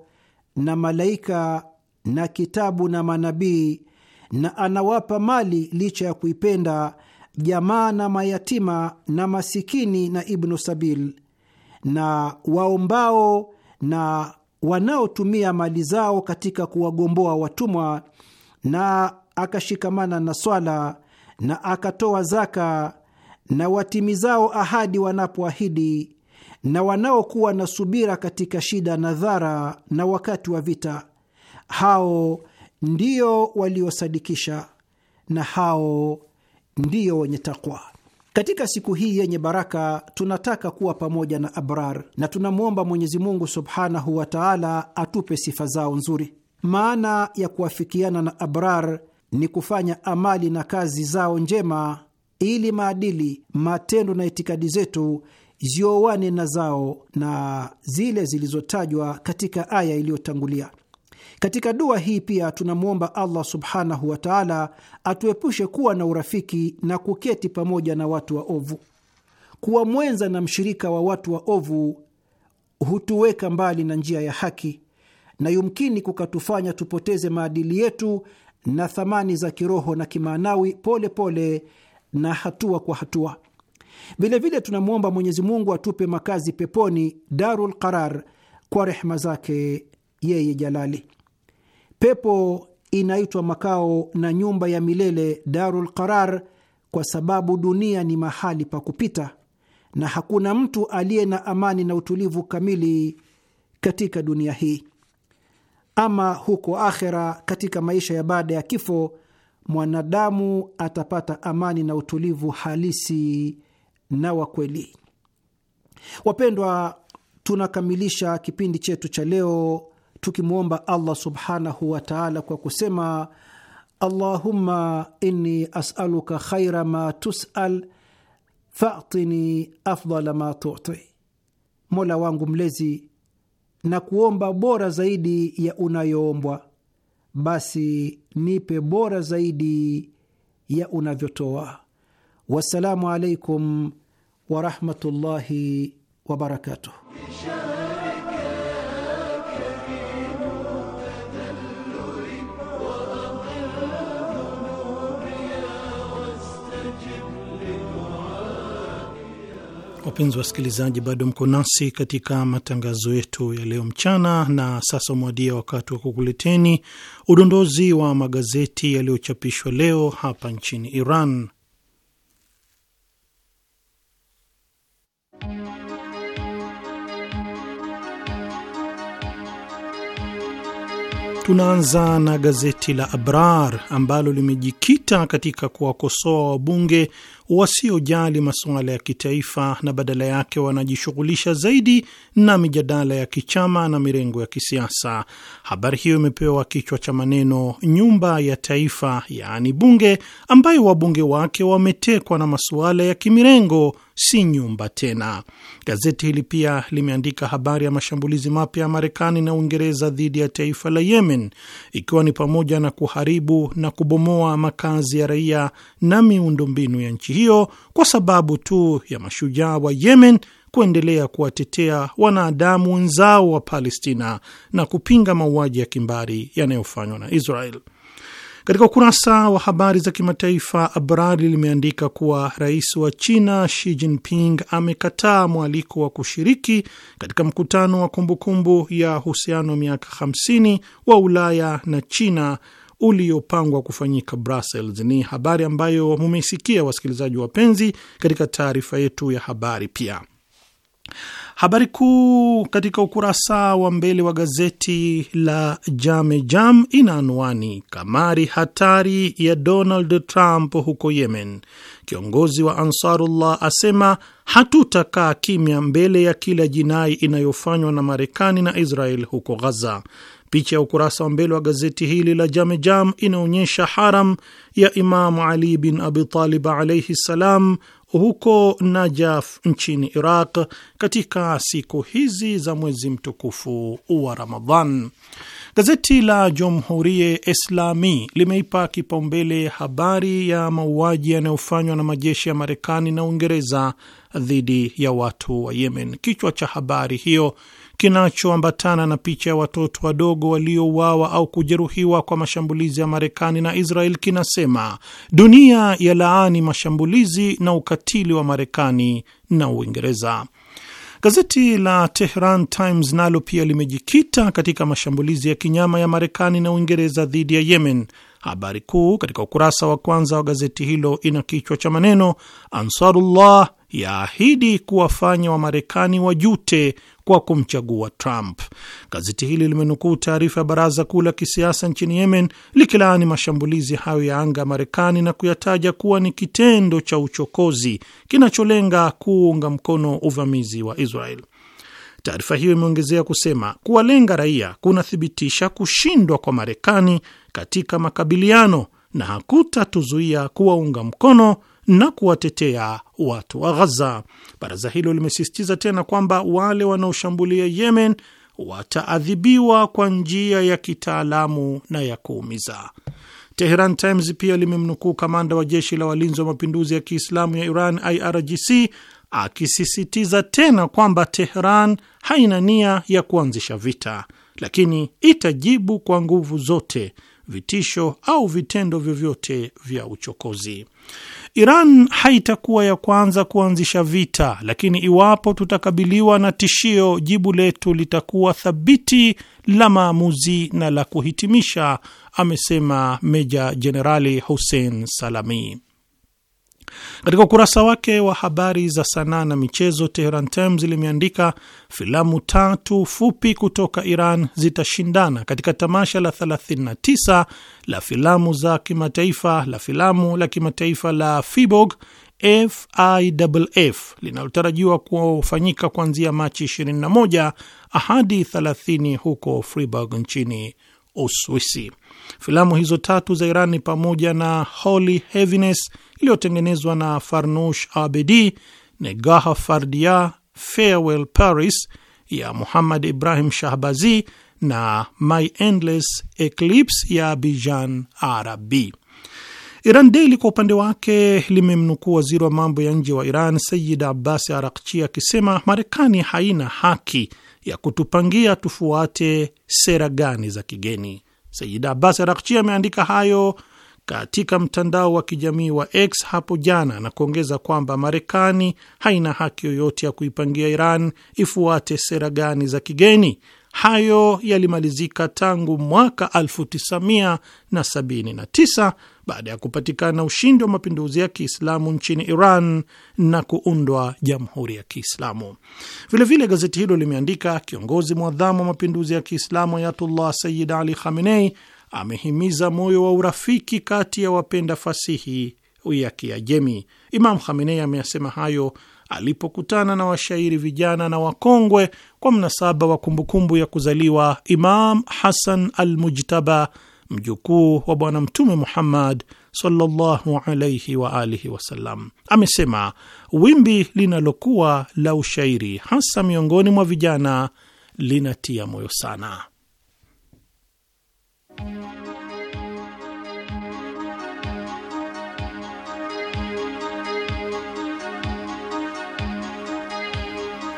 na malaika na kitabu na manabii, na anawapa mali licha ya kuipenda jamaa na mayatima na masikini na Ibnu Sabil na waombao na wanaotumia mali zao katika kuwagomboa watumwa, na akashikamana na swala na akatoa zaka na watimizao ahadi wanapoahidi na wanaokuwa na subira katika shida na dhara na wakati wa vita, hao ndio waliosadikisha na hao ndiyo wenye takwa. Katika siku hii yenye baraka tunataka kuwa pamoja na abrar na tunamwomba Mwenyezi Mungu subhanahu wa taala atupe sifa zao nzuri. Maana ya kuafikiana na abrar ni kufanya amali na kazi zao njema, ili maadili, matendo na itikadi zetu ziowane na zao na zile zilizotajwa katika aya iliyotangulia. Katika dua hii pia tunamwomba Allah subhanahu wa taala atuepushe kuwa na urafiki na kuketi pamoja na watu waovu. Kuwa mwenza na mshirika wa watu waovu hutuweka mbali na njia ya haki na yumkini kukatufanya tupoteze maadili yetu na thamani za kiroho na kimaanawi pole pole na hatua kwa hatua. Vilevile tunamwomba Mwenyezi Mungu atupe makazi peponi darul qarar kwa rehema zake yeye Jalali. Pepo inaitwa makao na nyumba ya milele Darul Qarar kwa sababu dunia ni mahali pa kupita na hakuna mtu aliye na amani na utulivu kamili katika dunia hii. Ama huko akhera, katika maisha ya baada ya kifo, mwanadamu atapata amani na utulivu halisi na wa kweli. Wapendwa, tunakamilisha kipindi chetu cha leo tukimwomba Allah subhanahu wa taala kwa kusema Allahumma inni asaluka khaira ma tusal fatini afdala ma tuti, Mola wangu mlezi, na kuomba bora zaidi ya unayoombwa, basi nipe bora zaidi ya unavyotoa. Wassalamu alaikum warahmatullahi wabarakatuh. Wapenzi wasikilizaji, bado mko nasi katika matangazo yetu ya leo mchana, na sasa umewadia wakati wa kukuleteni udondozi wa magazeti yaliyochapishwa leo hapa nchini Iran. Tunaanza na gazeti la Abrar ambalo limejikita katika kuwakosoa wabunge wasiojali masuala ya kitaifa na badala yake wanajishughulisha zaidi na mijadala ya kichama na mirengo ya kisiasa. Habari hiyo imepewa kichwa cha maneno nyumba ya taifa, yaani bunge, ambayo wabunge wake wametekwa na masuala ya kimirengo si nyumba tena. Gazeti hili pia limeandika habari ya mashambulizi mapya ya Marekani na Uingereza dhidi ya taifa la Yemen, ikiwa ni pamoja na kuharibu na kubomoa makazi ya raia na miundombinu ya nchi hiyo kwa sababu tu ya mashujaa wa Yemen kuendelea kuwatetea wanadamu wenzao wa Palestina na kupinga mauaji ya kimbari yanayofanywa na Israel. Katika ukurasa wa habari za kimataifa, Abrali limeandika kuwa rais wa China Xi Jinping amekataa mwaliko wa kushiriki katika mkutano wa kumbukumbu ya uhusiano wa miaka 50 wa Ulaya na China uliopangwa kufanyika Brussels. Ni habari ambayo mumeisikia, wasikilizaji wapenzi, katika taarifa yetu ya habari pia Habari kuu katika ukurasa wa mbele wa gazeti la Jame Jam ina anwani kamari hatari ya Donald Trump huko Yemen. Kiongozi wa Ansarullah asema hatutakaa kimya mbele ya kila jinai inayofanywa na Marekani na Israel huko Ghaza. Picha ya ukurasa wa mbele wa gazeti hili la Jamejam inaonyesha haram ya Imamu Ali bin Abi Talib alaihi ssalam huko Najaf nchini Iraq katika siku hizi za mwezi mtukufu wa Ramadhan. Gazeti la Jumhurie Islami limeipa kipaumbele habari ya mauaji yanayofanywa na majeshi ya Marekani na Uingereza dhidi ya watu wa Yemen. Kichwa cha habari hiyo kinachoambatana na picha ya watoto wadogo waliouawa au kujeruhiwa kwa mashambulizi ya Marekani na Israel kinasema dunia ya laani mashambulizi na ukatili wa Marekani na Uingereza. Gazeti la Tehran Times nalo pia limejikita katika mashambulizi ya kinyama ya Marekani na Uingereza dhidi ya Yemen. Habari kuu katika ukurasa wa kwanza wa gazeti hilo ina kichwa cha maneno Ansarullah yaahidi kuwafanya Wamarekani wajute kwa kumchagua Trump. Gazeti hili limenukuu taarifa ya baraza kuu la kisiasa nchini Yemen likilaani mashambulizi hayo ya anga ya Marekani na kuyataja kuwa ni kitendo cha uchokozi kinacholenga kuunga mkono uvamizi wa Israel. Taarifa hiyo imeongezea kusema kuwalenga raia kunathibitisha kushindwa kwa Marekani katika makabiliano na hakutatuzuia kuwaunga mkono na kuwatetea watu wa Ghaza. Baraza hilo limesisitiza tena kwamba wale wanaoshambulia Yemen wataadhibiwa kwa njia ya kitaalamu na ya kuumiza. Teheran Times pia limemnukuu kamanda wa jeshi la walinzi wa mapinduzi ya Kiislamu ya Iran, IRGC, akisisitiza tena kwamba Teheran haina nia ya kuanzisha vita, lakini itajibu kwa nguvu zote vitisho au vitendo vyovyote vya uchokozi. Iran haitakuwa ya kwanza kuanzisha vita, lakini iwapo tutakabiliwa na tishio, jibu letu litakuwa thabiti, la maamuzi na la kuhitimisha, amesema Meja Jenerali Hussein Salami. Katika ukurasa wake wa habari za sanaa na michezo, Tehran Times limeandika filamu tatu fupi kutoka Iran zitashindana katika tamasha la 39 la filamu za kimataifa la filamu la kimataifa la Fibog FIF linalotarajiwa kufanyika kuanzia Machi 21 hadi 30 huko Freiburg nchini Uswisi. Filamu hizo tatu za Iran ni pamoja na Holy Heaviness iliyotengenezwa na Farnush Abedi, Negaha Fardia, Farewell Paris ya Muhammad Ibrahim Shahbazi na My Endless Eclipse ya Bijan Arabi. Iran Daily kwa upande wake limemnukuu waziri wa mambo ya nje wa Iran Sayid Abbas Arakchi akisema Marekani haina haki ya kutupangia tufuate sera gani za kigeni. Said Abbas Arakchi ameandika hayo katika mtandao wa kijamii wa X hapo jana na kuongeza kwamba Marekani haina haki yoyote ya kuipangia Iran ifuate sera gani za kigeni Hayo yalimalizika tangu mwaka 1979 baada ya kupatikana ushindi wa mapinduzi ya Kiislamu nchini Iran na kuundwa jamhuri ya Kiislamu. Vilevile gazeti hilo limeandika, kiongozi mwadhamu wa mapinduzi ya Kiislamu Ayatullah Sayyid Ali Khamenei amehimiza moyo wa urafiki kati ya wapenda fasihi ya Kiajemi. Imam Khamenei ameyasema hayo alipokutana na washairi vijana na wakongwe kwa mnasaba wa kumbukumbu ya kuzaliwa Imam Hasan al-Mujtaba, mjukuu wa Bwana Mtume Muhammad sallallahu alayhi wa alihi wasallam. Amesema wimbi linalokuwa la ushairi hasa miongoni mwa vijana linatia moyo sana.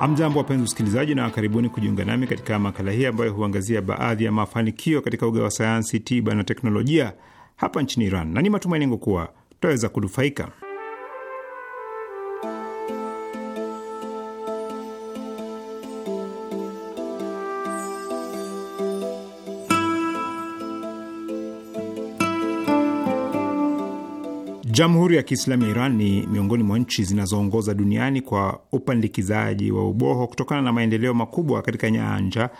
amjambo wapenzi usikilizaji, na karibuni kujiunga nami katika makala hii ambayo huangazia baadhi ya mafanikio katika uga wa sayansi, tiba na teknolojia hapa nchini Iran, na ni matumaini yangu kuwa tutaweza kunufaika. Jamhuri ya Kiislamu ya Iran ni miongoni mwa nchi zinazoongoza duniani kwa upandikizaji wa uboho kutokana na maendeleo makubwa katika nyanja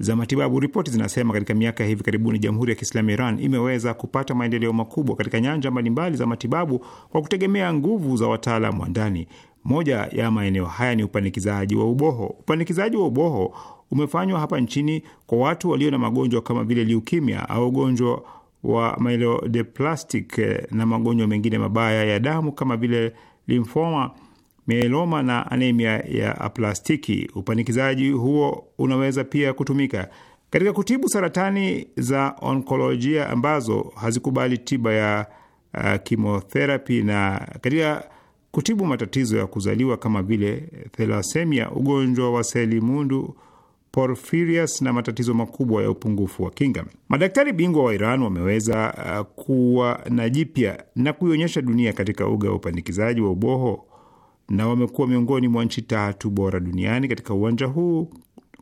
za matibabu. Ripoti zinasema katika miaka ya hivi karibuni, Jamhuri ya Kiislamu ya Iran imeweza kupata maendeleo makubwa katika nyanja mbalimbali za matibabu kwa kutegemea nguvu za wataalamu wa ndani. Moja ya maeneo haya ni upandikizaji wa uboho. Upandikizaji wa uboho umefanywa hapa nchini kwa watu walio na magonjwa kama vile liukimia au ugonjwa wa myelodysplastic eh, na magonjwa mengine mabaya ya damu kama vile limfoma, mieloma na anemia ya aplastiki. Upanikizaji huo unaweza pia kutumika katika kutibu saratani za onkolojia ambazo hazikubali tiba ya uh, na katika kutibu matatizo ya kuzaliwa kama vile thelasemia, ugonjwa wa seli mundu porfirias na matatizo makubwa ya upungufu wa kinga. Madaktari bingwa wa Iran wameweza uh, kuwa na jipya na kuionyesha dunia katika uga wa upandikizaji wa uboho na wamekuwa miongoni mwa nchi tatu bora duniani katika uwanja huu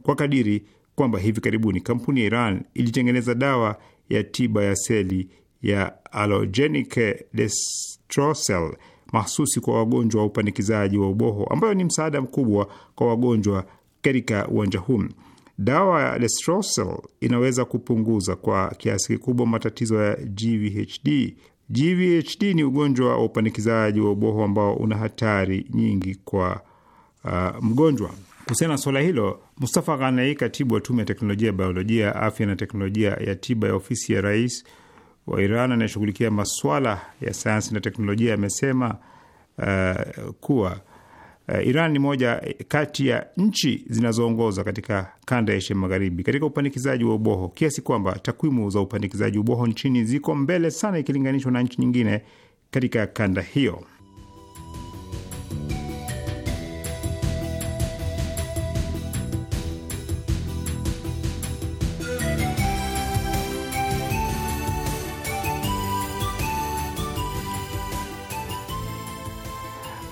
kwa kadiri kwamba hivi karibuni kampuni ya Iran ilitengeneza dawa ya tiba ya seli ya alogenic destrocel mahsusi kwa wagonjwa wa upandikizaji wa uboho ambayo ni msaada mkubwa kwa wagonjwa katika uwanja huu. Dawa ya lestrosel inaweza kupunguza kwa kiasi kikubwa matatizo ya GVHD. GVHD ni ugonjwa wa upandikizaji wa uboho ambao una hatari nyingi kwa uh, mgonjwa. Kuhusiana na suala hilo, Mustafa Ghanai, katibu wa tume ya teknolojia ya biolojia ya afya na teknolojia ya tiba ya ofisi ya rais wa Iran anayeshughulikia maswala ya sayansi na teknolojia amesema uh, kuwa Uh, Iran ni moja eh, kati ya nchi zinazoongoza katika kanda ya Asia Magharibi katika upandikizaji wa uboho kiasi kwamba takwimu za upandikizaji uboho nchini ziko mbele sana ikilinganishwa na nchi nyingine katika kanda hiyo.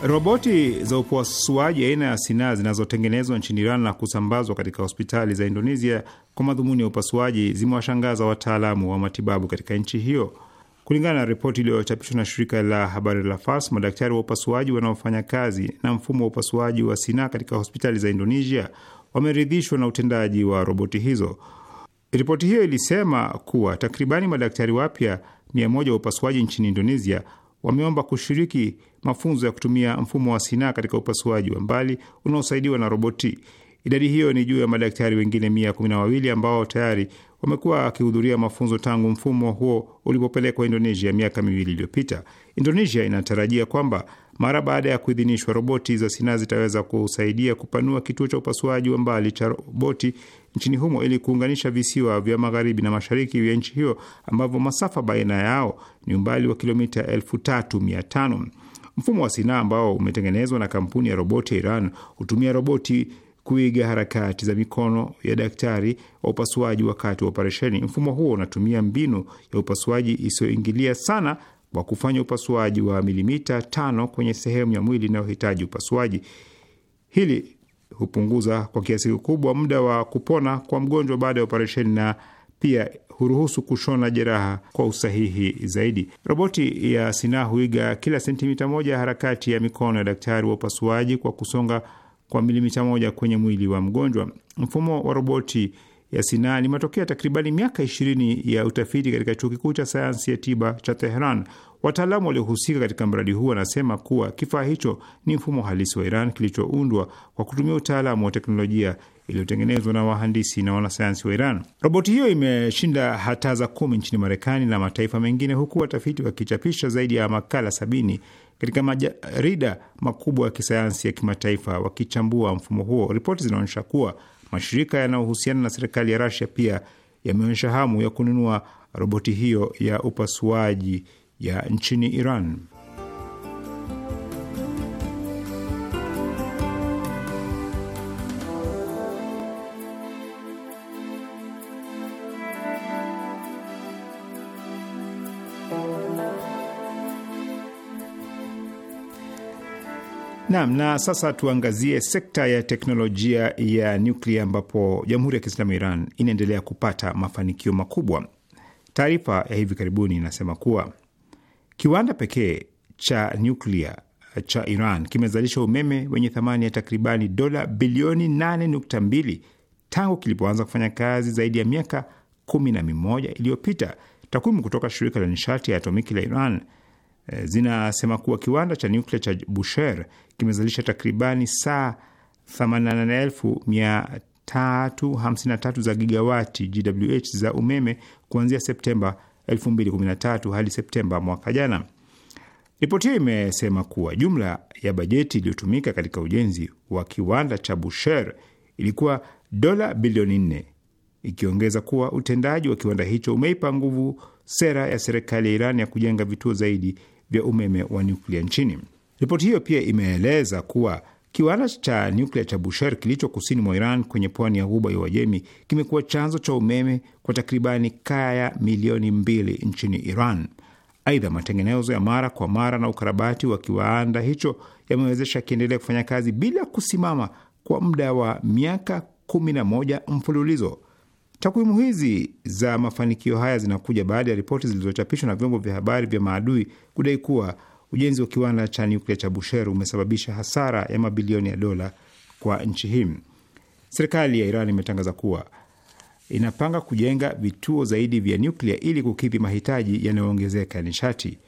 Roboti za upasuaji aina ya Sina zinazotengenezwa nchini Iran na kusambazwa katika hospitali za Indonesia kwa madhumuni ya upasuaji zimewashangaza wataalamu wa matibabu katika nchi hiyo. Kulingana na ripoti iliyochapishwa na shirika la habari la Fars, madaktari wa upasuaji wanaofanya kazi na mfumo wa upasuaji wa Sina katika hospitali za Indonesia wameridhishwa na utendaji wa roboti hizo. Ripoti hiyo ilisema kuwa takribani madaktari wapya mia moja wa upasuaji nchini Indonesia wameomba kushiriki mafunzo ya kutumia mfumo wa Sina katika upasuaji wa mbali unaosaidiwa na roboti. Idadi hiyo ni juu ya madaktari wengine mia kumi na wawili ambao tayari wamekuwa wakihudhuria mafunzo tangu mfumo huo ulipopelekwa Indonesia miaka miwili iliyopita. Indonesia inatarajia kwamba mara baada ya kuidhinishwa, roboti za sinaa zitaweza kusaidia kupanua kituo cha upasuaji wa mbali cha roboti nchini humo ili kuunganisha visiwa vya magharibi na mashariki vya nchi hiyo ambavyo masafa baina yao ni umbali wa kilomita elfu tatu mia tano. Mfumo wa sinaa ambao umetengenezwa na kampuni ya roboti ya Iran hutumia roboti kuiga harakati za mikono ya daktari wa upasuaji wakati wa operesheni. Mfumo huo unatumia mbinu ya upasuaji isiyoingilia sana wa kufanya upasuaji wa milimita tano kwenye sehemu ya mwili inayohitaji upasuaji. Hili hupunguza kwa kiasi kikubwa muda wa kupona kwa mgonjwa baada ya operesheni na pia huruhusu kushona jeraha kwa usahihi zaidi. Roboti ya Sina huiga kila sentimita moja ya harakati ya mikono ya daktari wa upasuaji kwa kusonga kwa milimita moja kwenye mwili wa mgonjwa. Mfumo wa roboti ya Sinaa ni matokeo ya takribani miaka ishirini ya utafiti katika chuo kikuu cha sayansi ya tiba cha Teheran. Wataalamu waliohusika katika mradi huu wanasema kuwa kifaa hicho ni mfumo halisi wa Iran kilichoundwa kwa kutumia utaalamu wa teknolojia iliyotengenezwa na wahandisi na wanasayansi wa Iran. Roboti hiyo imeshinda hataza kumi nchini Marekani na mataifa mengine, huku watafiti wakichapisha zaidi ya makala sabini katika majarida makubwa ya kisayansi ya kimataifa wakichambua mfumo huo. Ripoti zinaonyesha kuwa Mashirika yanayohusiana na serikali ya Rasia pia yameonyesha hamu ya kununua roboti hiyo ya upasuaji ya nchini Iran. Naam, na sasa tuangazie sekta ya teknolojia ya nyuklia ambapo Jamhuri ya Kiislamu ya Iran inaendelea kupata mafanikio makubwa. Taarifa ya hivi karibuni inasema kuwa kiwanda pekee cha nyuklia eh, cha Iran kimezalisha umeme wenye thamani ya takribani dola bilioni 8.2 tangu kilipoanza kufanya kazi zaidi ya miaka kumi na mimoja iliyopita. Takwimu kutoka shirika la nishati ya atomiki la Iran Eh, zinasema kuwa kiwanda cha nyuklia cha Bushehr kimezalisha takribani saa 88353 za gigawati GWH za umeme kuanzia Septemba 2013 hadi Septemba mwaka jana. Ripoti hiyo imesema kuwa jumla ya bajeti iliyotumika katika ujenzi wa kiwanda cha Bushehr ilikuwa dola bilioni 4, ikiongeza kuwa utendaji wa kiwanda hicho umeipa nguvu sera ya serikali ya Iran ya kujenga vituo zaidi vya umeme wa nyuklia nchini. Ripoti hiyo pia imeeleza kuwa kiwanda cha nyuklia cha Bushehr kilicho kusini mwa Iran kwenye pwani ya ghuba ya Uajemi kimekuwa chanzo cha umeme kwa takribani kaya milioni mbili nchini Iran. Aidha, matengenezo ya mara kwa mara na ukarabati wa kiwanda hicho yamewezesha kiendelea kufanya kazi bila kusimama kwa muda wa miaka 11 mfululizo. Takwimu hizi za mafanikio haya zinakuja baada ya ripoti zilizochapishwa na vyombo vya habari vya maadui kudai kuwa ujenzi wa kiwanda cha nyuklia cha Bushehr umesababisha hasara ya mabilioni ya dola kwa nchi hii. Serikali ya Iran imetangaza kuwa inapanga kujenga vituo zaidi vya nyuklia ili kukidhi mahitaji yanayoongezeka ya nishati.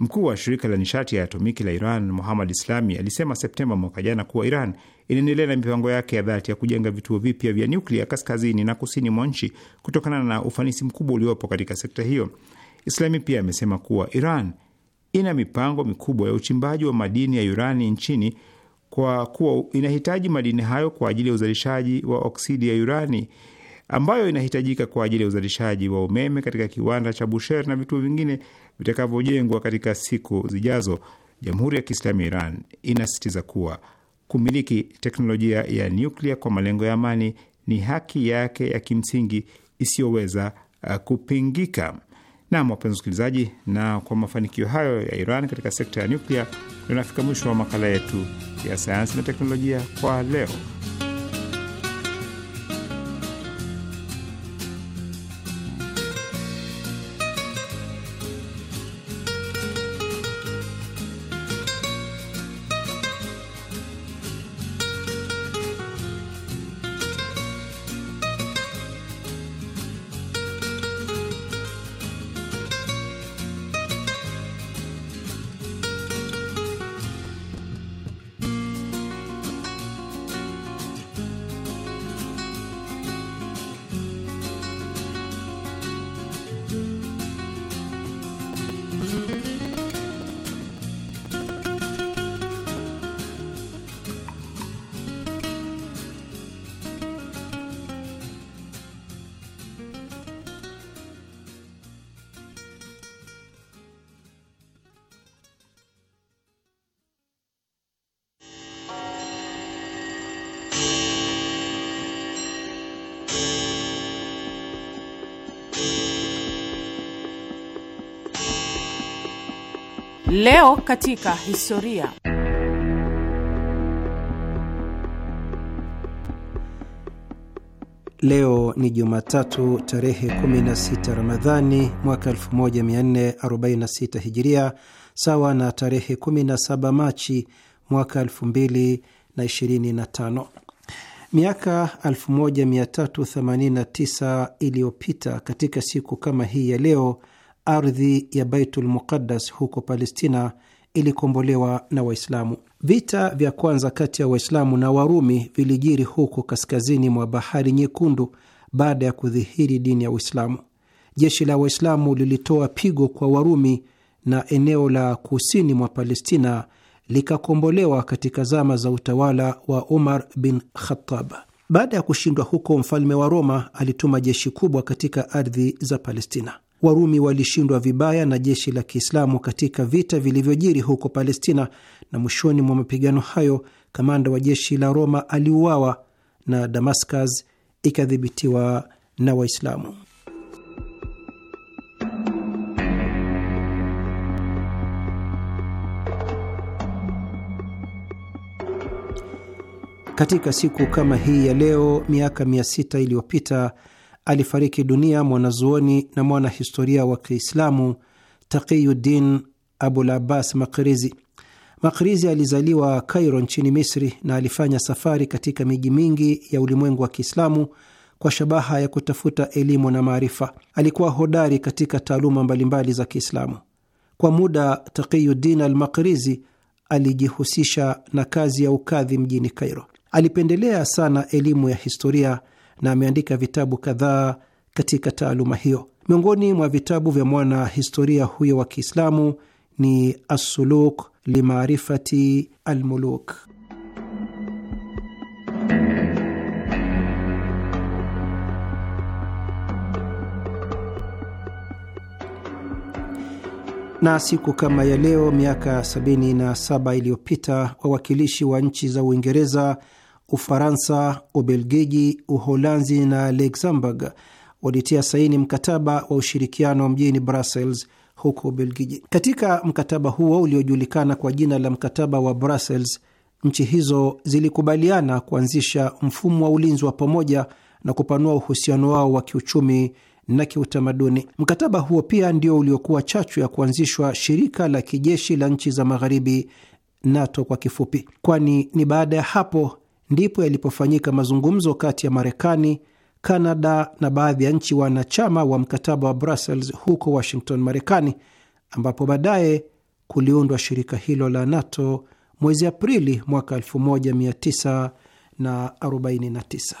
Mkuu wa shirika la nishati ya atomiki la Iran Muhammad Islami alisema Septemba mwaka jana kuwa Iran inaendelea na mipango yake ya dhati ya kujenga vituo vipya vya nyuklia kaskazini na kusini mwa nchi kutokana na ufanisi mkubwa uliopo katika sekta hiyo. Islami pia amesema kuwa Iran ina mipango mikubwa ya uchimbaji wa madini ya urani nchini kwa kuwa inahitaji madini hayo kwa ajili ya uzalishaji wa oksidi ya urani ambayo inahitajika kwa ajili ya uzalishaji wa umeme katika kiwanda cha Busher na vituo vingine vitakavyojengwa katika siku zijazo. Jamhuri ya Kiislamu ya Iran inasisitiza kuwa kumiliki teknolojia ya nyuklia kwa malengo ya amani ni haki yake ya kimsingi isiyoweza uh, kupingika. Nam, wapenzi wasikilizaji, na kwa mafanikio hayo ya Iran katika sekta ya nyuklia, inafika mwisho wa makala yetu ya sayansi na teknolojia kwa leo. Leo katika historia. Leo ni Jumatatu tarehe 16 Ramadhani mwaka 1446 Hijiria, sawa na tarehe 17 Machi mwaka 2025. Miaka 1389 iliyopita katika siku kama hii ya leo ardhi ya Baitul Muqaddas huko Palestina ilikombolewa na Waislamu. Vita vya kwanza kati ya Waislamu na Warumi vilijiri huko kaskazini mwa Bahari Nyekundu baada ya kudhihiri dini ya Uislamu. Jeshi la Waislamu lilitoa pigo kwa Warumi na eneo la kusini mwa Palestina likakombolewa katika zama za utawala wa Umar bin Khattab. Baada ya kushindwa huko, mfalme wa Roma alituma jeshi kubwa katika ardhi za Palestina. Warumi walishindwa vibaya na jeshi la Kiislamu katika vita vilivyojiri huko Palestina, na mwishoni mwa mapigano hayo kamanda wa jeshi la Roma aliuawa na Damascus ikadhibitiwa na Waislamu. Katika siku kama hii ya leo miaka mia sita iliyopita alifariki dunia mwanazuoni na mwanahistoria wa Kiislamu Taqiyuddin Abul Abbas Makrizi. Makrizi alizaliwa Kairo nchini Misri na alifanya safari katika miji mingi ya ulimwengu wa Kiislamu kwa shabaha ya kutafuta elimu na maarifa. Alikuwa hodari katika taaluma mbalimbali za Kiislamu. Kwa muda, Taqiyuddin Al-Makrizi alijihusisha na kazi ya ukadhi mjini Kairo. Alipendelea sana elimu ya historia na ameandika vitabu kadhaa katika taaluma hiyo. Miongoni mwa vitabu vya mwana historia huyo wa Kiislamu ni Assuluk limaarifati almuluk. Na siku kama ya leo miaka 77 iliyopita wawakilishi wa nchi za Uingereza Ufaransa, Ubelgiji, Uholanzi na Luxembourg walitia saini mkataba wa ushirikiano mjini Brussels huko Ubelgiji. Katika mkataba huo uliojulikana kwa jina la mkataba wa Brussels, nchi hizo zilikubaliana kuanzisha mfumo wa ulinzi wa pamoja na kupanua uhusiano wao wa kiuchumi na kiutamaduni. Mkataba huo pia ndio uliokuwa chachu ya kuanzishwa shirika la kijeshi la nchi za magharibi NATO kwa kifupi, kwani ni baada ya hapo ndipo yalipofanyika mazungumzo kati ya Marekani, Kanada na baadhi ya nchi wanachama wa mkataba wa Brussels huko Washington, Marekani, ambapo baadaye kuliundwa shirika hilo la NATO mwezi Aprili mwaka 1949.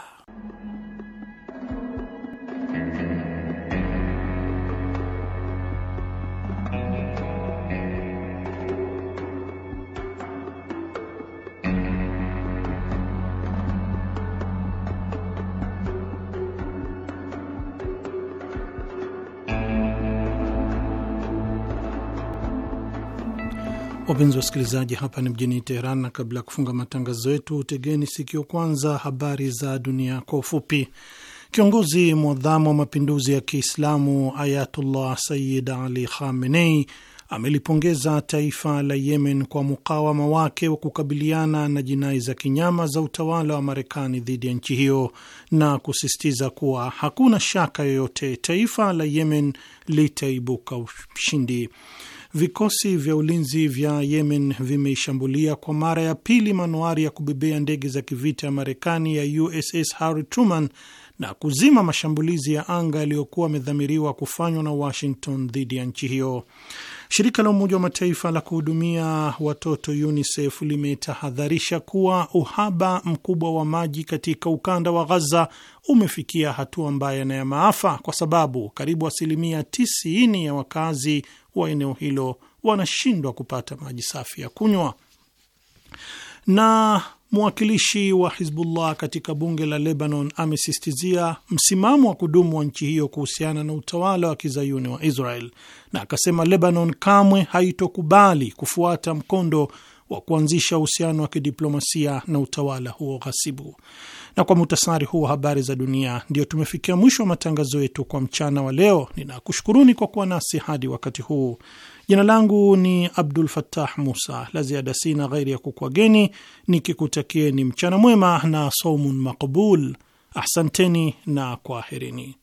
Wapenzi wasikilizaji, hapa ni mjini Teheran, na kabla ya kufunga matangazo yetu, tegeni sikio kwanza habari za dunia kwa ufupi. Kiongozi mwadhamu wa mapinduzi ya Kiislamu Ayatullah Sayyid Ali Khamenei amelipongeza taifa la Yemen kwa mukawama wake wa kukabiliana na jinai za kinyama za utawala wa Marekani dhidi ya nchi hiyo na kusisitiza kuwa hakuna shaka yoyote taifa la Yemen litaibuka ushindi. Vikosi vya ulinzi vya Yemen vimeishambulia kwa mara ya pili manuari ya kubebea ndege za kivita ya Marekani ya USS Harry Truman na kuzima mashambulizi ya anga yaliyokuwa amedhamiriwa kufanywa na Washington dhidi ya nchi hiyo. Shirika la Umoja wa Mataifa la kuhudumia watoto UNICEF limetahadharisha kuwa uhaba mkubwa wa maji katika ukanda wa Ghaza umefikia hatua mbaya na ya maafa, kwa sababu karibu asilimia 90 ya wakazi wa eneo hilo wanashindwa kupata maji safi ya kunywa. Na mwakilishi wa Hizbullah katika bunge la Lebanon amesistizia msimamo wa kudumu wa nchi hiyo kuhusiana na utawala wa kizayuni wa Israel na akasema Lebanon kamwe haitokubali kufuata mkondo wa kuanzisha uhusiano wa kidiplomasia na utawala huo ghasibu. Na kwa muhtasari huu wa habari za dunia, ndio tumefikia mwisho wa matangazo yetu kwa mchana wa leo. Ninakushukuruni kwa kuwa nasi hadi wakati huu. Jina langu ni Abdul Fattah Musa. La ziada sina ghairi ya kukwageni nikikutakieni mchana mwema na saumun makbul. Ahsanteni na kwaherini.